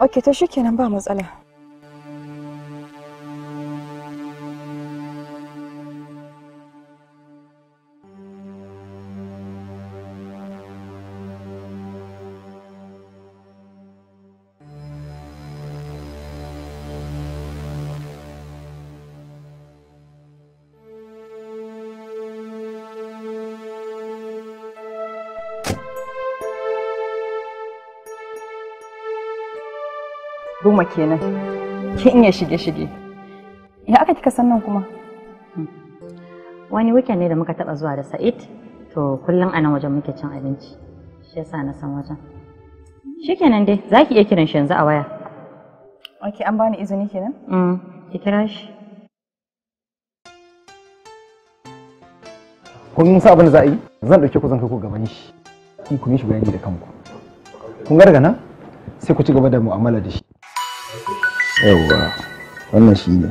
ok to kenan ba matsala goma kenan kin iya shige-shige ya aka kika san nan kuma hmm. wani weekend ne da muka taba zuwa da sa'id to kullum a nan wajen muke cin abinci shi yasa na san wajen shikenan dai zaki iya kiran shi yanzu a waya Oke, an bani izini kenan mm ki kira shi kun sa abin da za a yi zan ɗauke ku zan kai ku gaban shi kun yi shi bayani da kanku kun garga nan sai ku ci gaba da mu'amala da shi yawwa wannan shi ne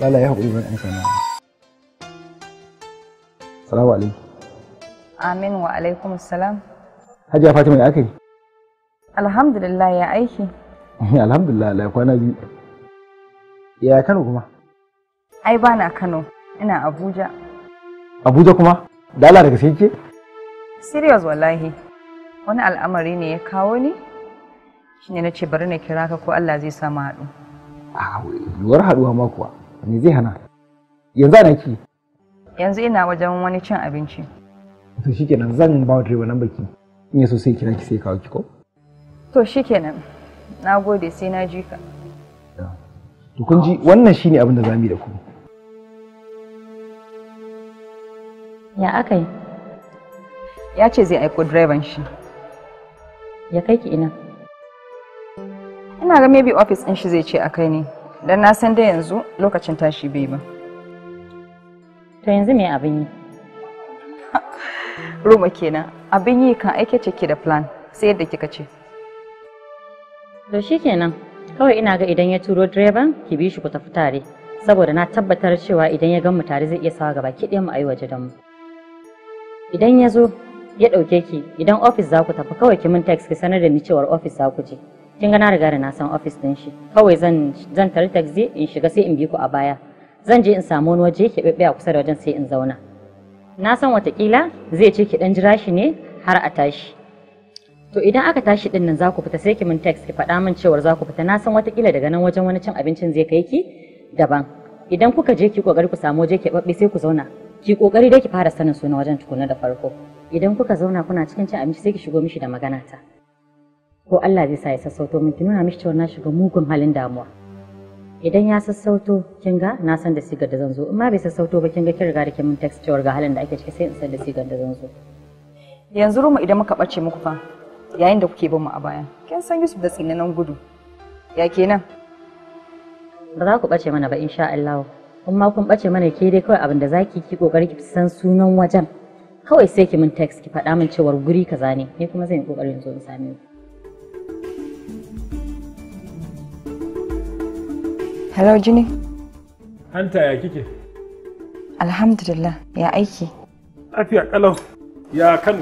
lala haƙuri zan aika na salamu alaikum amin wa alaikum salam hajiya fatima ya kai? alhamdulillah ya aiki alhamdulillah la kwana biyu ya kano kuma ai ba na kano ina abuja abuja kuma dala daga sai ke serious wallahi wani al'amari ne ya kawo ni shine na ce bari na kira ka ko Allah zai sa mu haɗu yiwuwar haɗuwa ma kuwa me zai hana yanzu ana ki yanzu ina wajen wani cin abinci to shikenan zan ba wa direba nan baki in yaso sai kira ki sai kawo ki ko to shikenan na gode sai na ji ka to kun ji wannan shine abin da zamu yi da ku ya aka yi ya ce zai aiko direban shi ya kai ki ina ina ga maybe office din shi zai ce akai ne dan na san da yanzu lokacin tashi bai ba to yanzu me abin yi Roma kenan abin yi kan aike ce da plan sai yadda kika ce to kenan, kawai ina ga idan ya turo direban ki bi shi ku tafi tare saboda na tabbatar cewa idan ya gan mu tare zai iya sawa gaba ki mu ayi waje da mu idan ya zo ya ɗauke ki idan ofis za ku tafi kawai ki mun text ki sanar da ni cewar ofis za ku je kin ga na riga da na san office din shi kawai zan zan tare taxi in shiga sai in bi ku a baya zan je in samu wani waje keɓaɓɓe a kusa da wajen sai in zauna na san watakila zai ce ki dan jira shi ne har a tashi to idan aka tashi din nan za ku fita sai ki min text ki faɗa min cewar za ku fita na san watakila daga nan wajen wani cin abincin zai kai ki daban idan kuka je ki kokari ku samu waje keɓaɓɓe sai ku zauna ki kokari dai ki fara sanin suna wajen tukuna da farko idan kuka zauna kuna cikin cin abinci sai ki shigo mishi da magana ta ko Allah zai sa ya sassauto min ki nuna mishi cewa na shiga mugun halin damuwa idan ya sassauto kin ga na san da sigar da zan zo in ma bai sassauto ba kin ga kin riga da kin min text cewa ga halin da ake ciki sai in san da sigar da zan zo yanzu rumu idan muka bace muku fa yayin da kuke bin mu a baya kin san Yusuf da tsinanan gudu ya kenan ba za ku bace mana ba insha Allah kun ma kun bace mana ke dai kawai abin da zaki ki kokari ki san sunan wajen kawai sai ki min text ki faɗa min cewar guri kaza ne ni kuma zan yi kokarin zo in same ku Hello Jini. Hanta ya kike? Alhamdulillah ya aiki. Lafiya kalau ya Kano.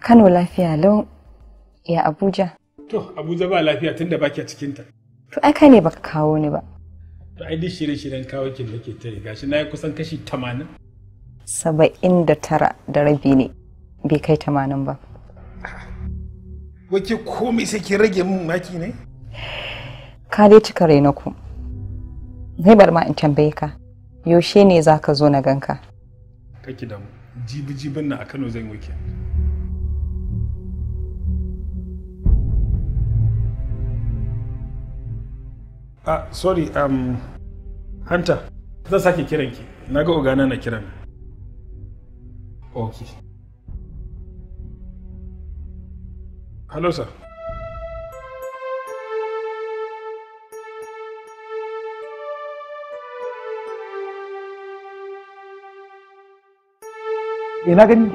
Kano lafiya lau ya Abuja. To Abuja ba lafiya tunda baki a cikinta. To ai kai ne baka kawo ni ba. To ai duk shirin-shirin kawo kin nake ta yi gashi na yi kusan kashi tamanin. Saba'in da tara da rabi ne bai kai tamanin ba. Wake komai sai ki rage min maki ne? Ka dai cika rainaku. ku. ni bar ma in tambaye ka yaushe ne za ka zo na ganka kake da jibi-jibin na a kano zan wuke ah sorry um, hunter zan sake kiranki na ga ogana na kiran ok hello sir ina eh, na gani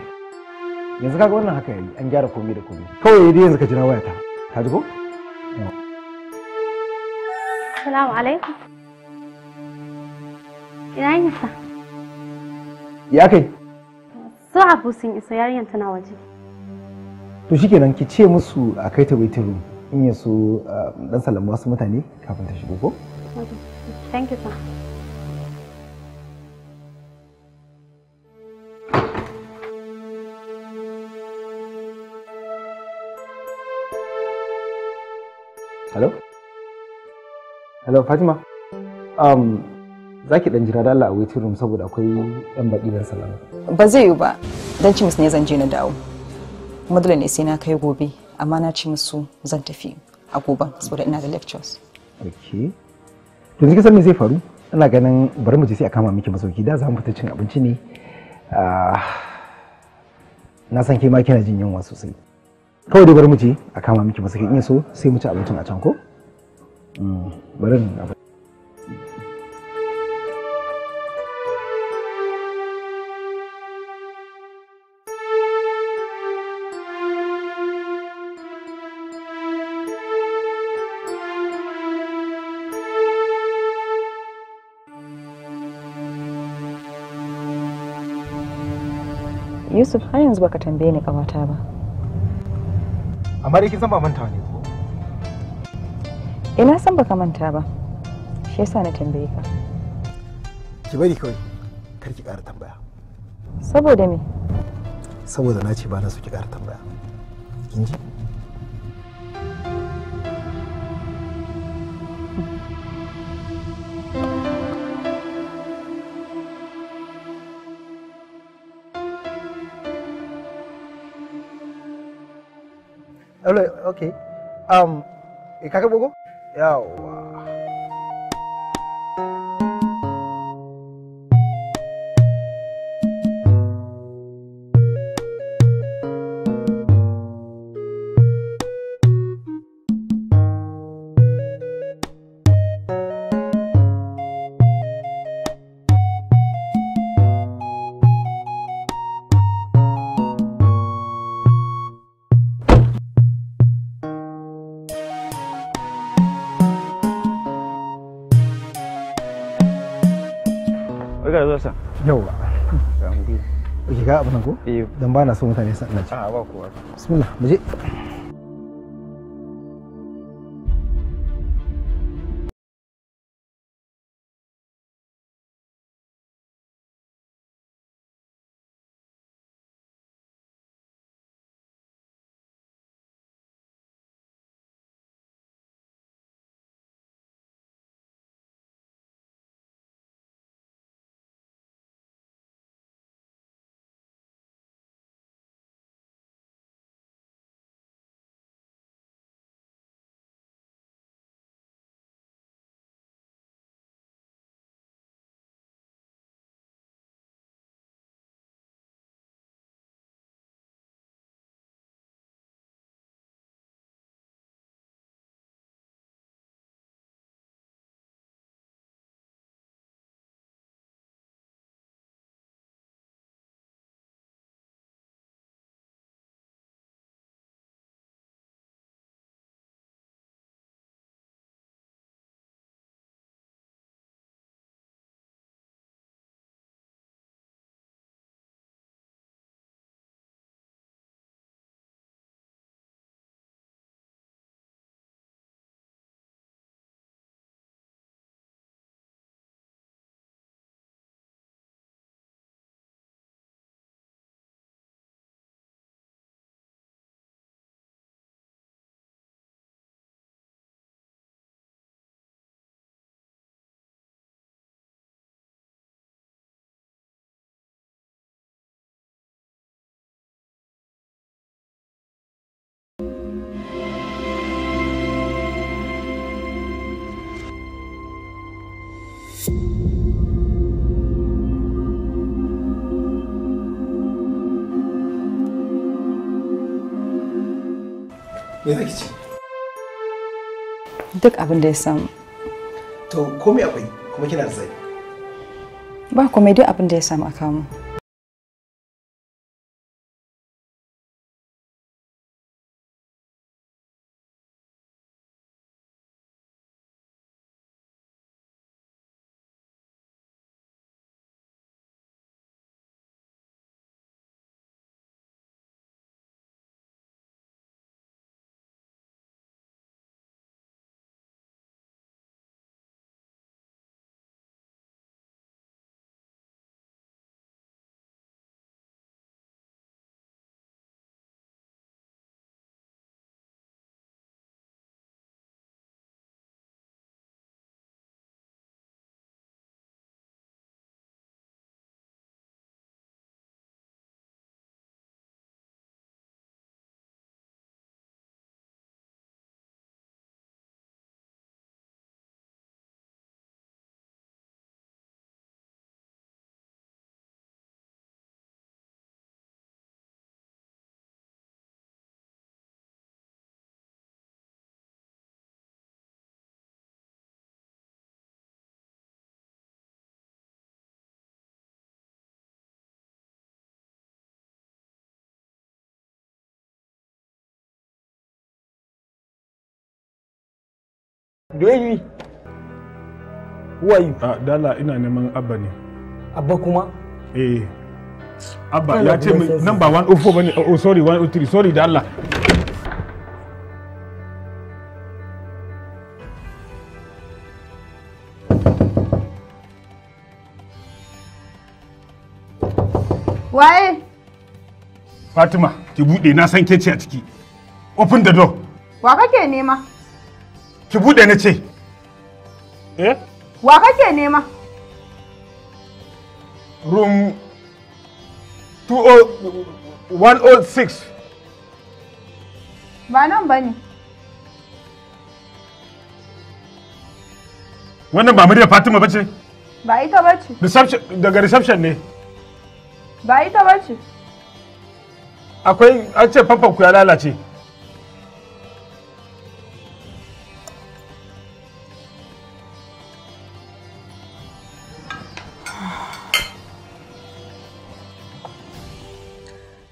yanzu kaga wannan haka yayi an gyara komai da komai kawai dai yanzu ka jira wayata ka ji ko Assalamu alaikum Ina yin sa Ya kai Su Abu sun isa yarinyar tana waje To shikenan ki ce musu a kai ta waiting room in yaso ah, dan salama wasu mutane kafin ta shigo ko Thank you sir Hello? Hello Fatima? Um, za ki ɗan jira da Allah a waiting room saboda akwai 'yan baki dan salama. Ba zai yiwu ba, dan ci ne zan je na dawo. Kuma ne sai na kai gobe, amma na ci musu zan tafi a gobe saboda ina da lectures. Okay. Yanzu kisan me zai faru? Ina ganin bari mu je sai a kama miki masauki da za mu fita cin abinci ne. Ah, na san ke ma kina jin yunwa sosai. kawai dai bar mu a kama miki masu in so sai mu ci abincin a can ko mm, bari abu Yusuf har yanzu baka tambaye ni ƙawata ba. amma dai kin san ba manta ne ko ina eh, san baka manta ba shi yasa na tambaye ka ki bari kawai kar ki ƙara tambaya saboda me saboda na ce ba na so ki ƙara tambaya okay um e ka shiga abu na ko? Eh. Don ba na so mutane su ina ci. A ah, ba kowa. Bismillah, mu je. me duk abin da ya samu to komai akwai kuma kina da zabi ba komai duk abin da ya samu a kamu Baby. Who are you? Ah, Dala ina neman Abba ne. Abba kuma? Eh. Abba ya ce min number 104 bane. Oh sorry 103. Sorry da Waye? Fatima, ki bude na san ke ce a ciki. Open the door. Wa kake nema? ki bude na ce eh wa kake nema room 106 ba nan ba ne wannan ba murya fatima bace ba ita bace reception daga reception ne ba ita bace akwai an ce famfan ku ya lalace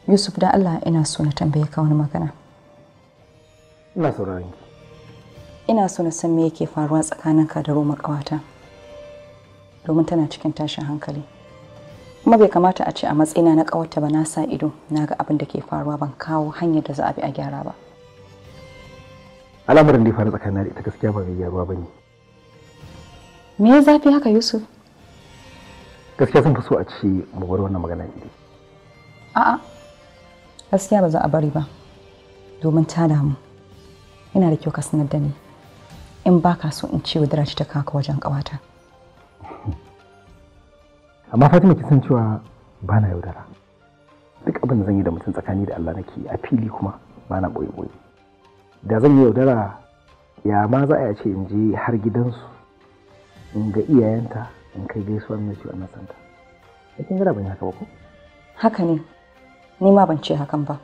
yusuf da allah ina so na tambaye ka wani magana ina sauraron ina so na san me yake faruwa tsakanin ka da roma ƙawata domin tana cikin tashin hankali kuma bai kamata a ce a matsayina na ƙawarta ba na sa ido na ga abin da ke faruwa ban kawo hanyar da za a bi a gyara ba al'amarin da ya faru tsakanin da ita gaskiya ba mai gyaruwa ba ne me ya zafi haka yusuf gaskiya sun fi so a ce mu bar wannan magana ne a'a gaskiya ba za a bari ba domin ta damu ina da kyau ka sanar da ni in ba ka so in ce wadara ta kaka wajen kawata amma fatima ki san cewa ba na yaudara duk abin da zan yi da mutum tsakani da allah nake a fili kuma ba na boye boye da zan yi yaudara ya ma za a ce in je har gidansu in ga iyayenta in kai gaisuwa na ciwon nasanta kin gara ban haka ba ko haka ne ni ma ban ce hakan ba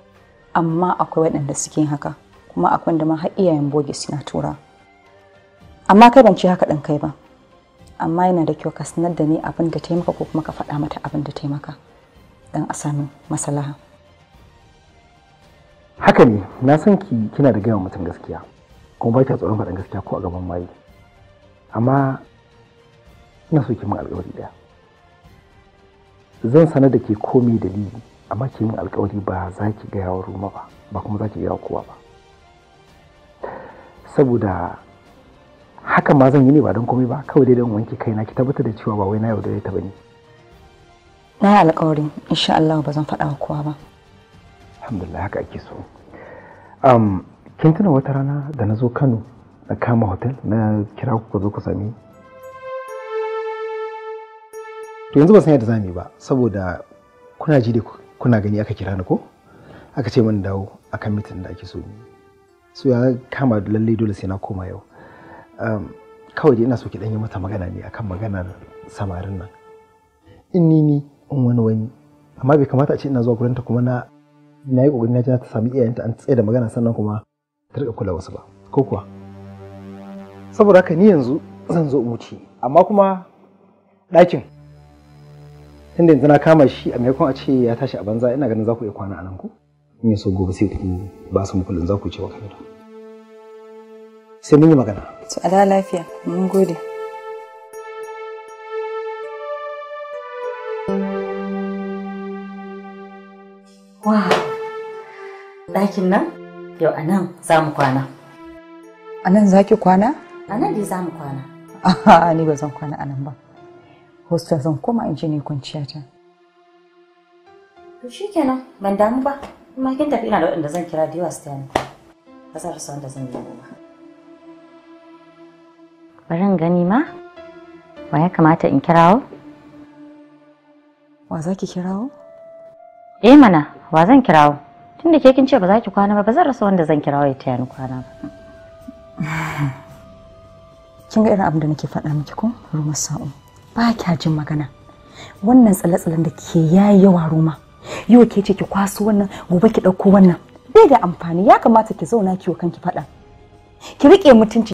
amma akwai waɗanda suke haka kuma akwai da ma har iyayen boge suna tura amma kai ban ce haka ɗin kai ba amma yana da kyau ka sanar da ni abin da taimaka ko kuma ka faɗa mata abin da taimaka don a sami masalaha haka ne na san ki kina da gaya mutum gaskiya kuma ba ta tsoron faɗin gaskiya ko a gaban maye amma ina so ki min alƙawari ɗaya zan sanar da ke komai dalili amma ki yin alkawari ba za ki gaya wa Ruma ba ba kuma za ki gaya kowa ba saboda haka ma zan yi ne ba don komai ba kawai dai don wanke na ki tabbatar da cewa ba wai na yaudare ta bane na yi alkawari insha Allah ba zan faɗa wa kowa ba alhamdulillah haka ake so um, kin tuna wata rana da na zo Kano na kama hotel na kira ku zo ku sami to yanzu ba san yadda mu yi ba saboda kuna ji da kuna gani aka kira ni ko aka ce min dawo akan mitin da ake so ni so ya kama lalle dole sai na koma yau kawai dai ina so ki ɗan yi mata magana ne akan maganar samarin nan in ni ni in wani wani amma bai kamata a ce ina zuwa gurinta kuma na na yi kokari na ji ta sami iyayenta an tsaye da magana sannan kuma ta rika kula wasu ba ko kuwa saboda haka ni yanzu zan zo in wuce amma kuma ɗakin tunda yanzu na kama shi a maimakon a ce ya tashi a banza ina ganin za ku iya kwana a nan ku in so gobe sai ku ba su muku za ku ce wa kamera sai mun yi magana su ala lafiya mun gode Wa! ɗakin nan yau a nan za mu kwana a nan za ki kwana a nan dai za mu kwana ni ba zan kwana a nan ba hostel zan koma in je ne kwanciya ta to shikenan ban damu ba amma kin tafi ina da waɗanda zan kira da yawa su tayani ba za rasa wanda zan yi ba bari in gani ma wa ya kamata in kirawo wa za ki kirawo eh mana wa zan kirawo tunda ke kin ce ba za ki kwana ba ba zan rasa wanda zan kirawo ya tayani kwana ba kin ga irin abin da nake faɗa miki ko rumar sa'o ba kya jin magana wannan tsale-tsalen da ke yayi yawa roma yau ke ce ki kwaso wannan gobe ki ɗauko wannan bai da amfani ya kamata ki zauna ki wa kanki faɗa ki riƙe mutunci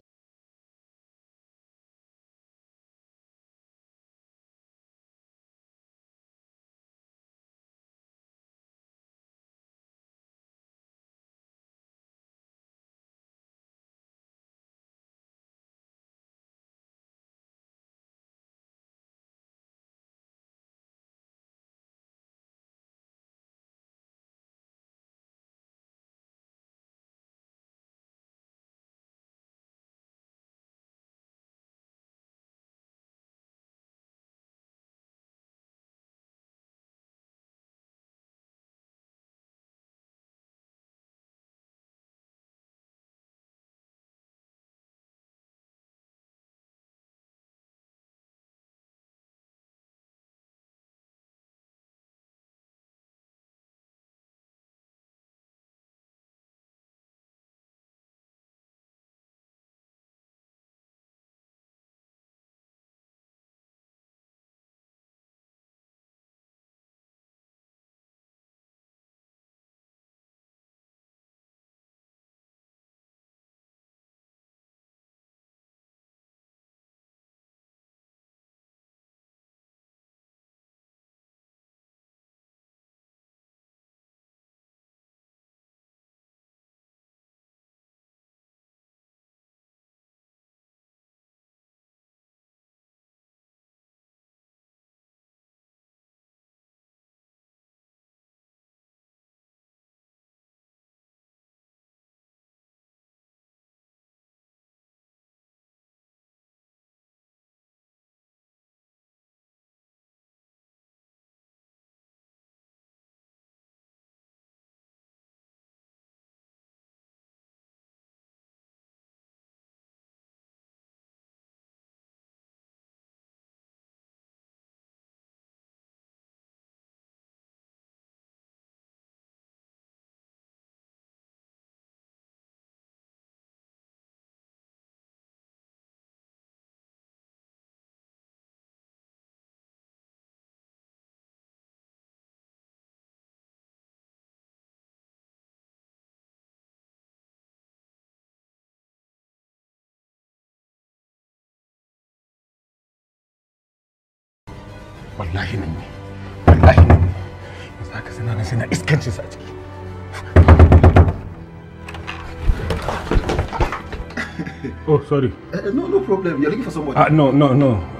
oh sorry uh, no no problem you're looking for somebody uh, no no no uh,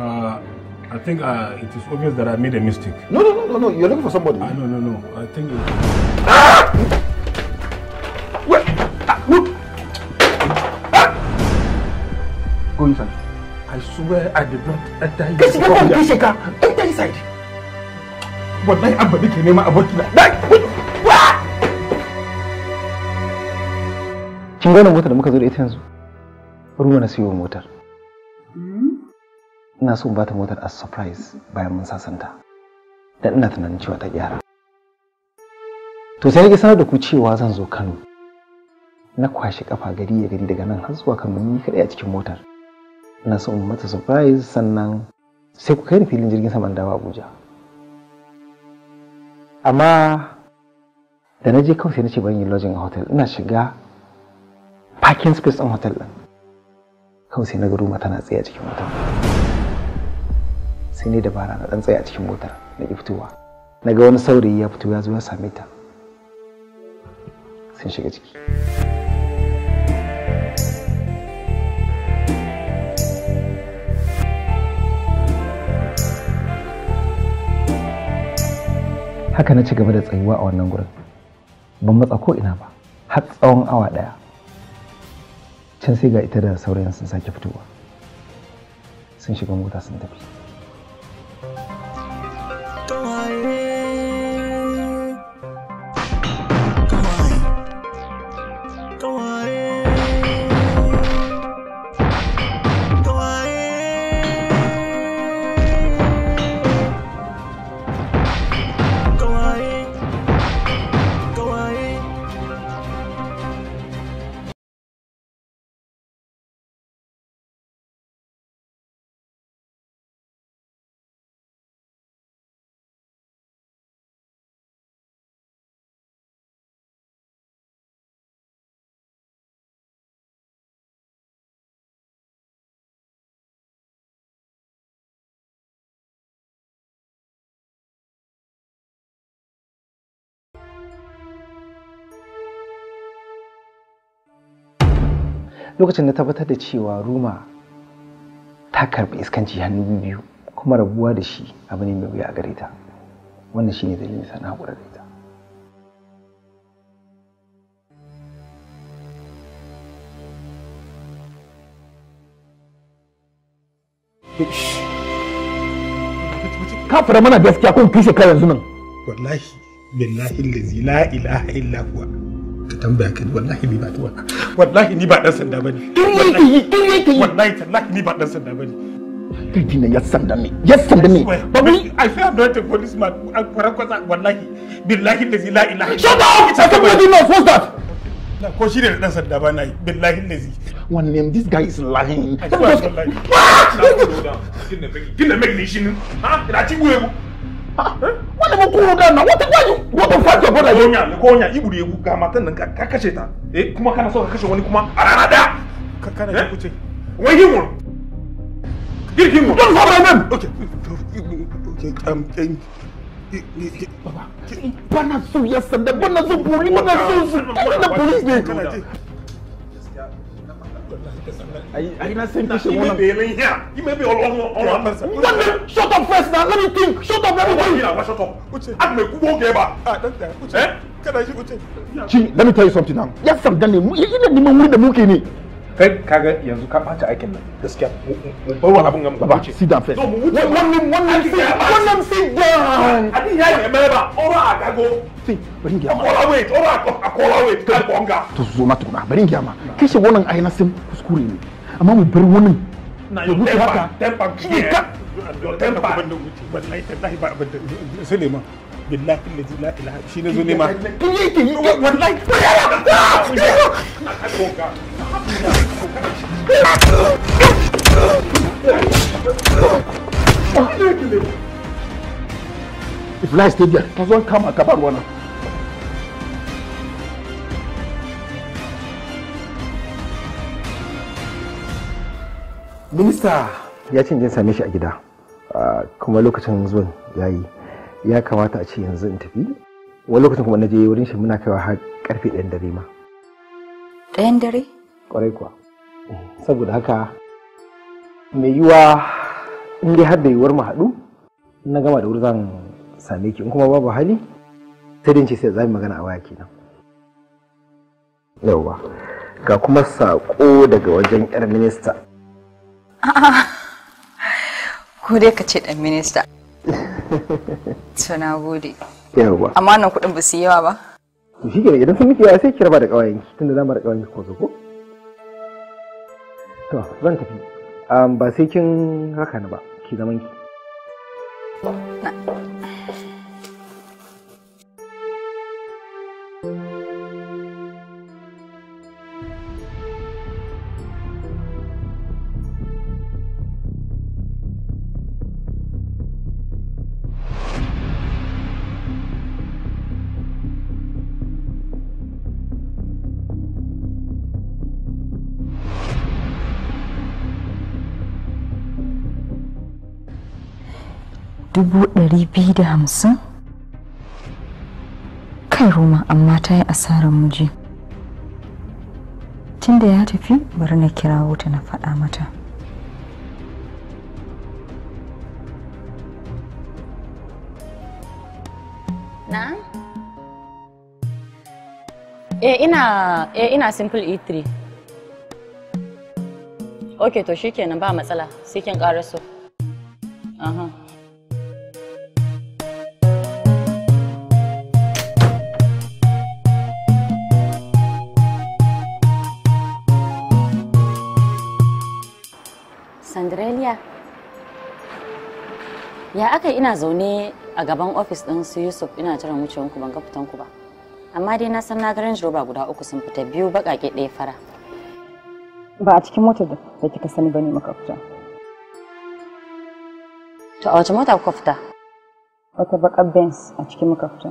uh, I think uh, it is obvious that I made a mistake. No, no, no, no, no. You're looking for somebody. Uh, no, no, no. I think. It... swear I did not enter Kin gane motar da muka zo da ita yanzu? Ruwa na siyo motar. Hmm? Ina so in bata motar as surprise bayan mun sasanta. Dan ina tunanin cewa ta gyara. To sai nake sanar da ku cewa zan zo Kano. Na kwashi kafa gari ya gari daga nan har zuwa Kano ni kadai a cikin motar. ina so mata surprise sannan sai ku kai ni filin jirgin saman dawa abuja amma da na je kawai sai na ce yi lodging a hotel ina shiga parking space ɗin hotel ɗin kawai sai na ga ruma tana tsaye a cikin motar sai ne dabara na ɗan tsaye a cikin motar na ki fitowa Naga wani saurayi ya fito ya zo ya same ta sun shiga ciki haka na ci gaba da tsayuwa a wannan gurin ban matsa ko ina ba har tsawon awa ɗaya can sai ga ita da saurayin sun sake fitowa sun shiga mota sun tafi lokacin na tabbatar da cewa ruma ta karɓi iskanci hannu biyu kuma rabuwa da shi abu ne mai wuya a gare ta wannan shine dalilin sa na haƙura da ita kafira mana gaskiya kun kishe kai yanzu nan wallahi billahi lazi la ilaha illa huwa tambaya ka wallahi ni ba ta wannan wallahi ni ba dan sanda bane tun yake yi tun yake yi wallahi tallahi ni ba dan sanda bane kai ne ya sanda me ya sanda me ba mu i feel i'm not a policeman an kwarakwasa wallahi billahi lazi la ilaha shut up somebody must what's that na ko shi ne dan sanda bane billahi lazi one name this guy is lying kin ne kin ne mai ne shi ne ha ina ci buye ha eh? Wanda ba kuro da nan wata kwayo wata ba da yau. Konya, ga matan nan ka kashe ta. Eh kuma kana so ka kashe wani kuma a rana daya. Ka kana ki eh? kuce. Wai yin wuri. mu. Don fara nan. Okay. Bana so ya sanda, bana so buri, bana so su, police ne. Let me shut up first now. Let me think. Shut up, let me think. Yeah, ah, tell. Eh? let me tell you something now. Yes, I'm done. You didn't even win the movie ni. Kai kaga yanzu ka ɓata aikin nan. Gaskiya. Bar sit down first. Wannan wannan sit. Wannan sit down. Adi ya yi mai ba. Ora agago. sai bari ma wait ora kola wait kai bonga to zo ma tukuna bari gya ma kashe wannan ai na sim kuskure ne amma mu bar wannan na yi wuce haka tempa tempa tempa wallahi tallahi ba abin Suleiman billahi allazi la ilaha shi ne zo ne ma wallahi If life stay there, doesn't come a one. minista ya ce in same shi a gida ah, kuma lokacin zuwan ya yi ya kamata a ce yanzu in tafi wani lokacin kuma na je wurin shi muna kaiwa har karfe ɗayan dare ma ɗayan dare Ƙwarai kuwa saboda haka mai yiwa in dai har da yiwuwar mu haɗu na gama da wuri zan same ki in kuma babu hali sai dai ce sai za mu magana a waya kenan yawwa ga kuma saƙo daga wajen yar minista ko dai ka ce dan minista suna gode yawa amma nan kuɗin ba su yawa ba to shi kenan idan sun miki sai ki raba da ƙawayen ki tunda zamu da ƙawayen ki ko ko to zan tafi ba sai kin haka ni ba ki zaman ki dubu ɗari biyu da hamsin kai roma amma ta yi asarar muji tun da ya tafi bari na kirawo ta na faɗa mata na? e ina e ina simple e3 ok to shi shikenan ba matsala sai kin ƙaraso ya aka ina zaune a gaban ofis din su yusuf ina jiran wucewan ku ban ga fitan ku ba amma dai na san na ga range rover guda uku sun fita biyu bakake ɗaya fara ba a cikin motar da kika sani bane muka fita to a wace mota kuka fita wata bakar benz a cikin maka fita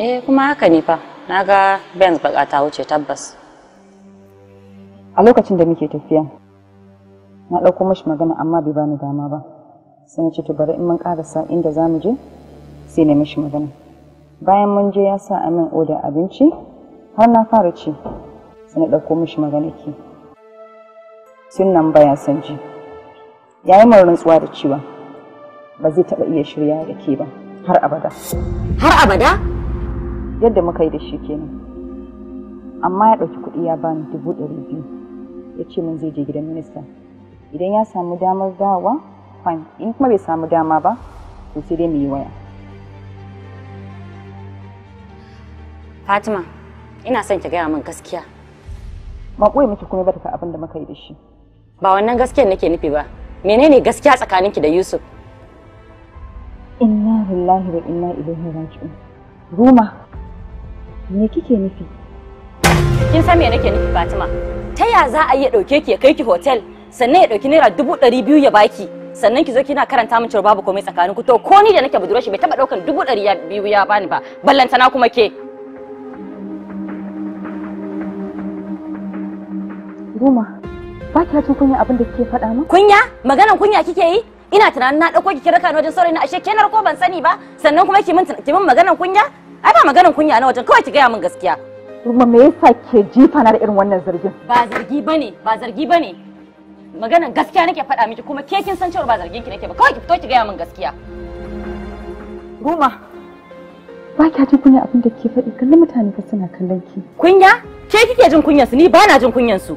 eh kuma haka ne fa na ga benz baka ta wuce tabbas a lokacin da muke tafiya na ɗauko mashi magana amma bai bani dama ba sai ce to bari in mun karasa inda za mu je sai na mishi magana bayan mun je ya sa a min oda abinci har na fara ci sai na ɗauko mishi magana ki sun nan baya san ji ya yi rantsuwa da cewa ba zai taɓa iya shirya da ke ba har abada har abada yadda muka yi da shi kenan amma ya ɗauki kuɗi ya bani dubu ɗari biyu ya ce min zai je gidan minista idan ya samu damar dawa fine in kuma bai samu dama ba to sai dai mu yi waya Fatima ina son ki gaya min gaskiya ba koyi miki kuma ba ta abin da muka yi da shi ba wannan gaskiyar nake nufi ba menene gaskiya tsakaninki da Yusuf inna lillahi wa inna ilaihi raji'un ruma me kike nufi kin san me nake nufi Fatima ta ya za a yi ya dauke ki ya kai ki hotel sannan ya dauki naira dubu ɗari biyu ya baki sannan ki zo kina karanta min cewa babu komai tsakanin ku to ko ni da nake budurwar shi bai taba daukan dubu ɗari biyu ya bani ba na kuma ke Ruma, ba ki jin kunya abin da kike faɗa mu? Kunya? Maganan kunya kike yi? Ina tunanin na ɗauko kike raka ni wajen saurayi na ashe kenar ko ban sani ba sannan kuma ki min maganan kunya? Ai ba maganan kunya na wajen kawai ki gaya min gaskiya. Ruma me yasa ke jifa na da irin wannan zargin? Ba zargi bane, ba zargi bane. maganan gaskiya nake faɗa miki kuma ke kin san cewa ba zargin ki nake ba kawai ki fito ki gaya min gaskiya Roma ba kya jin kunya abin da ke faɗi kallon mutane fa suna kallon ki kunya ke kike jin kunyar su ni ba na jin kunyar su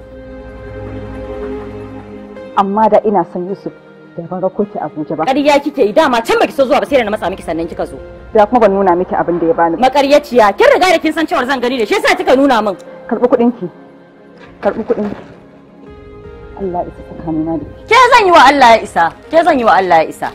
amma da ina son Yusuf da ban ga koki Abuja ba ƙarya kike yi dama can baki so zuwa ba sai na matsa miki sannan kika zo da kuma ban nuna miki abin da ya bani makaryaciya kin riga da kin san cewa zan gani ne shi yasa kika nuna min karɓi kuɗin ki karɓi kuɗin ki Allah isa tsakanina da ke zan yi wa Allah ya isa ke zan yi wa Allah ya isa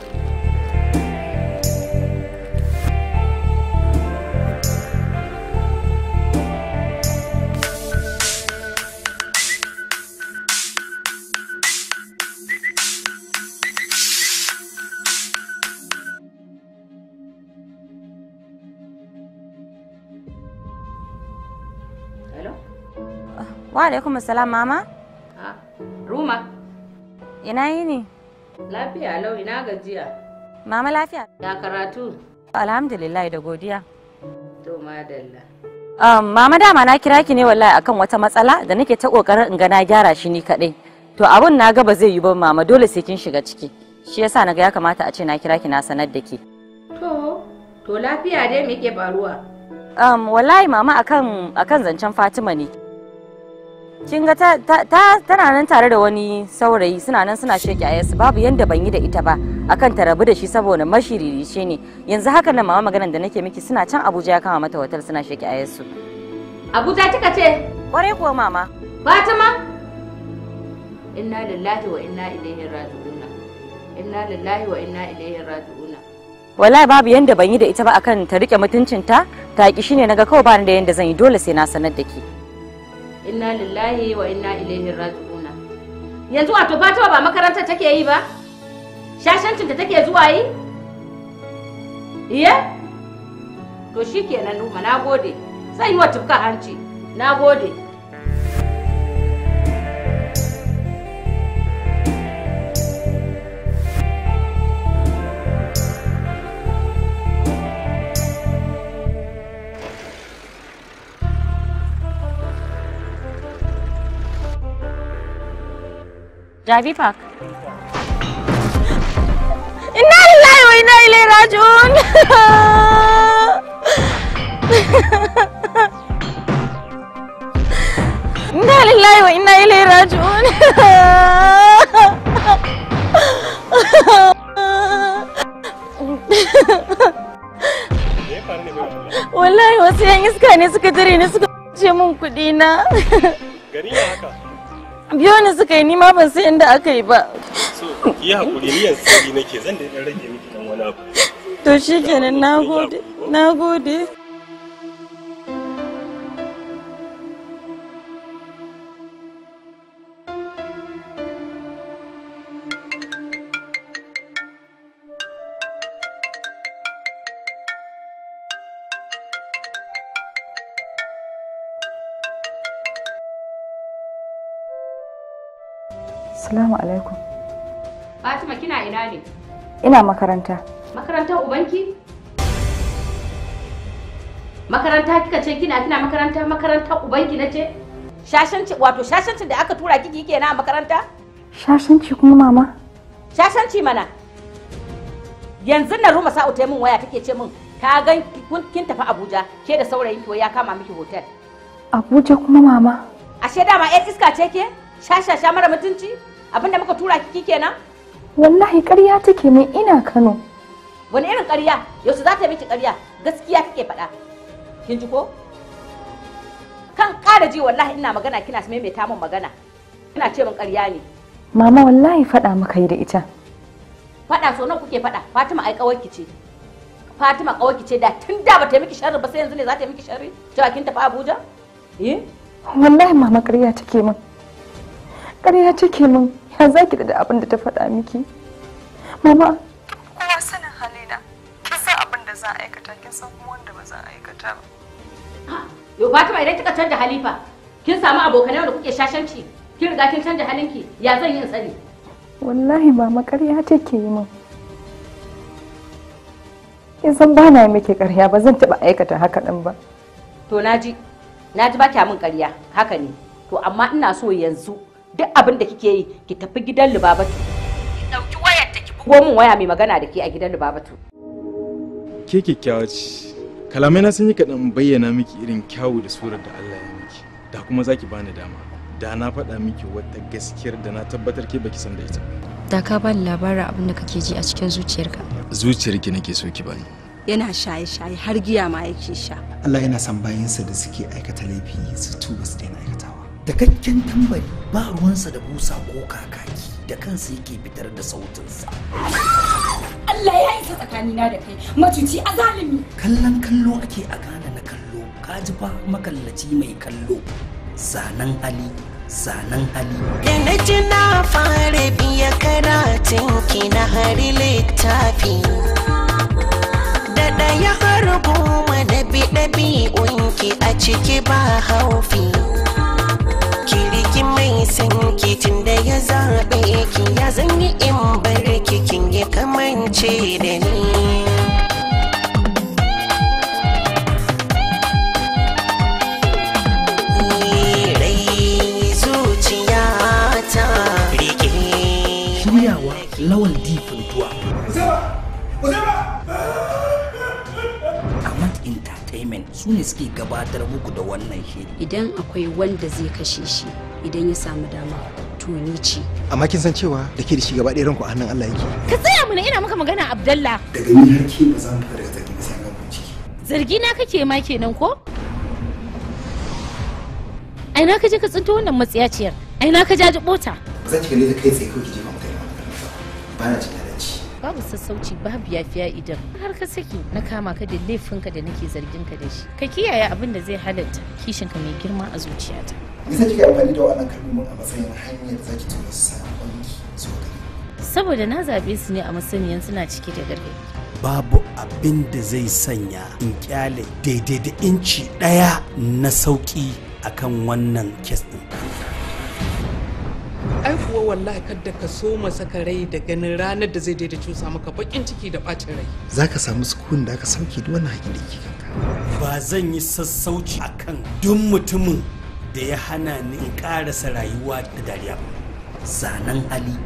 Hello? Wa alaikum assalam mama. Ruma. Ina yi ne? Lafiya lau ina gajiya. Mama lafiya? Ya karatu. Alhamdulillah da godiya. To madalla. Um, mama dama na kira ki ne wallahi akan wata matsala da nake ta kokarin in ga na gyara shi ni kadai. To abun na ga ba zai yi ba mama dole sai kin shiga ciki. Shi yasa naga ya kamata a ce na kira ki na sanar da ke. To, to lafiya dai me ke faruwa? Um, wallahi mama akan akan zancen Fatima ne. kin ga ta ta tana nan tare da wani saurayi suna nan suna sheki ayyansu babu yanda ban yi da ita ba akan ta rabu da shi saboda mashiririce ne yanzu haka nan mama maganar da nake miki suna can Abuja ya kama mata hotel suna sheki ayyansu Abuja kika ce kware ko mama Fatima inna lillahi wa inna ilaihi raji'un inna lillahi wa inna ilaihi raji'un wallahi babu yanda ban yi da ita ba akan ta rike mutuncinta ta ki shine naga kawai ba ni da yanda zan yi dole sai na sanar da ki inna lillahi wa inna ilaihi raji'una yanzu wato fatima ba makaranta take yi ba shashancin ta take zuwa yi iye to shikenan na nagode sai yi wa tufka hanci nagode Jabi Park. Wallahi wasu yan iska ne suka tare ni suka ce mun kudi na. Gari haka. biyo ni suka yi ni ma ban san inda aka yi ba so ki hakuri ni yanzu sai nake zan da rage miki dan wani abu to shikenan nagode nagode Assalamu alaikum. Fatima kina ina ne? Ina makaranta. Makarantar ubanki? Makaranta kika ce kina kina makaranta makarantar ubanki na ce? Shashanci wato shashanci da aka tura kiki kenan a makaranta? Shashanci kuma mama? Shashanci mana. Yanzu na Ruma Sa'u ta min waya take ce min ta gan kin tafi Abuja ke da saurayin ki ya kama miki hotel. Abuja kuma mama? Ashe dama 'yar iska ce ke? Shashasha mara mutunci? Abin da muka tura ki kenan wallahi ƙarya take mai ina Kano wani irin ƙarya yaushe za ta miki ƙarya gaskiya kike faɗa kin ji ko kan ƙara ji wallahi ina magana kina su maimaita min magana kina ce min ƙarya ne mama wallahi faɗa muka yi da ita faɗa so nan kuke faɗa Fatima ai ƙawarki ce Fatima ƙawarki ce da tun da ba ta miki sharri ba sai yanzu ne za ta miki sharri cewa kin tafi Abuja eh wallahi mama ƙarya take min ƙarya take min ya za ki da abin da ta faɗa miki mama kowa sanin halina ki san abin da za a aikata kin san kuma wanda ba za a aikata ba yau fatima idan kika canza halifa kin samu abokanai da kuke shashanci kin riga kin canza halinki ya zan yi sani wallahi mama ƙarya take yi min in san ba na miki ƙarya ba zan taɓa aikata haka ɗin ba to naji naji ba kya min ƙarya haka ne to amma ina so yanzu duk abin da kike yi ki tafi gidan Lubabatu ki dauki wayar ta ki bugo min waya mai magana da ke a gidan Lubabatu ke kyakkyawa ce kalamai na sun yi kaɗan bayyana miki irin kyawu da surar da Allah ya miki da kuma zaki bani dama da na faɗa miki wata gaskiyar da na tabbatar ke baki san da ita da ka bani labarin abin da kake ji a cikin zuciyarka zuciyarki nake so ki bani yana shaye-shaye har giya ma yake sha. Allah yana san bayinsa da suke aikata laifi su tuba su daina aikatawa. Takakken tambari ba ruwansa da busa ko kakaki da kansa yake fitar da sautinsa. Allah ya isa tsakanina da kai macuci a zalimi. Kallon kallo ake a gane na kallo kaji ba makallaci mai kallo. Zanen Ali zanen Ali. Yana ji na fara biya karatun ki na hari littafi. Da ɗaya har goma da bi a ciki ba haufi. yi san da ya zaɓe ki ya zanyi in bar kikin ya kamance da ni su ne suke gabatar muku da wannan shiri idan akwai wanda zai kashe shi idan ya samu dama to ni ce amma kin san cewa da ke da shi gaba ɗaya ranku a hannun Allah yake ka tsaya mana ina maka magana Abdallah daga ni har ke ba za mu fara zargi ba sai gaban ciki. zargi na kake ma kenan ko ai na kaje ka tsinto wannan matsiyaciyar ai na ka jaji bota zan ci gani da kai tsaye ko ki je ba mutane ba na cikin babu sassauci babu yafiya idan har ka saki na kama ka da laifinka da nake zargin ka da shi ka kiyaye abin da zai halatta ka mai girma a zuciyata me amfani da wannan kalmomin a matsayin hanyar zaki saboda na zabe su ne a masaniyan suna cike da gargaɗi babu abin da zai sanya in kyale daidai da inci ɗaya na sauƙi akan wannan kes ɗin kuwa wallahi kadda ka so saka rai da ganin ranar da zai daidaito cusa maka bakin ciki da bacin rai za ka samu sukun da aka sauke duk wannan hakin da ke kanka ba zan yi sassauci akan duk mutumin da ya hana ni in karasa rayuwa da dariya ba zanen hali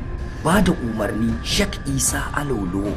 ba da umarni shak isa alolo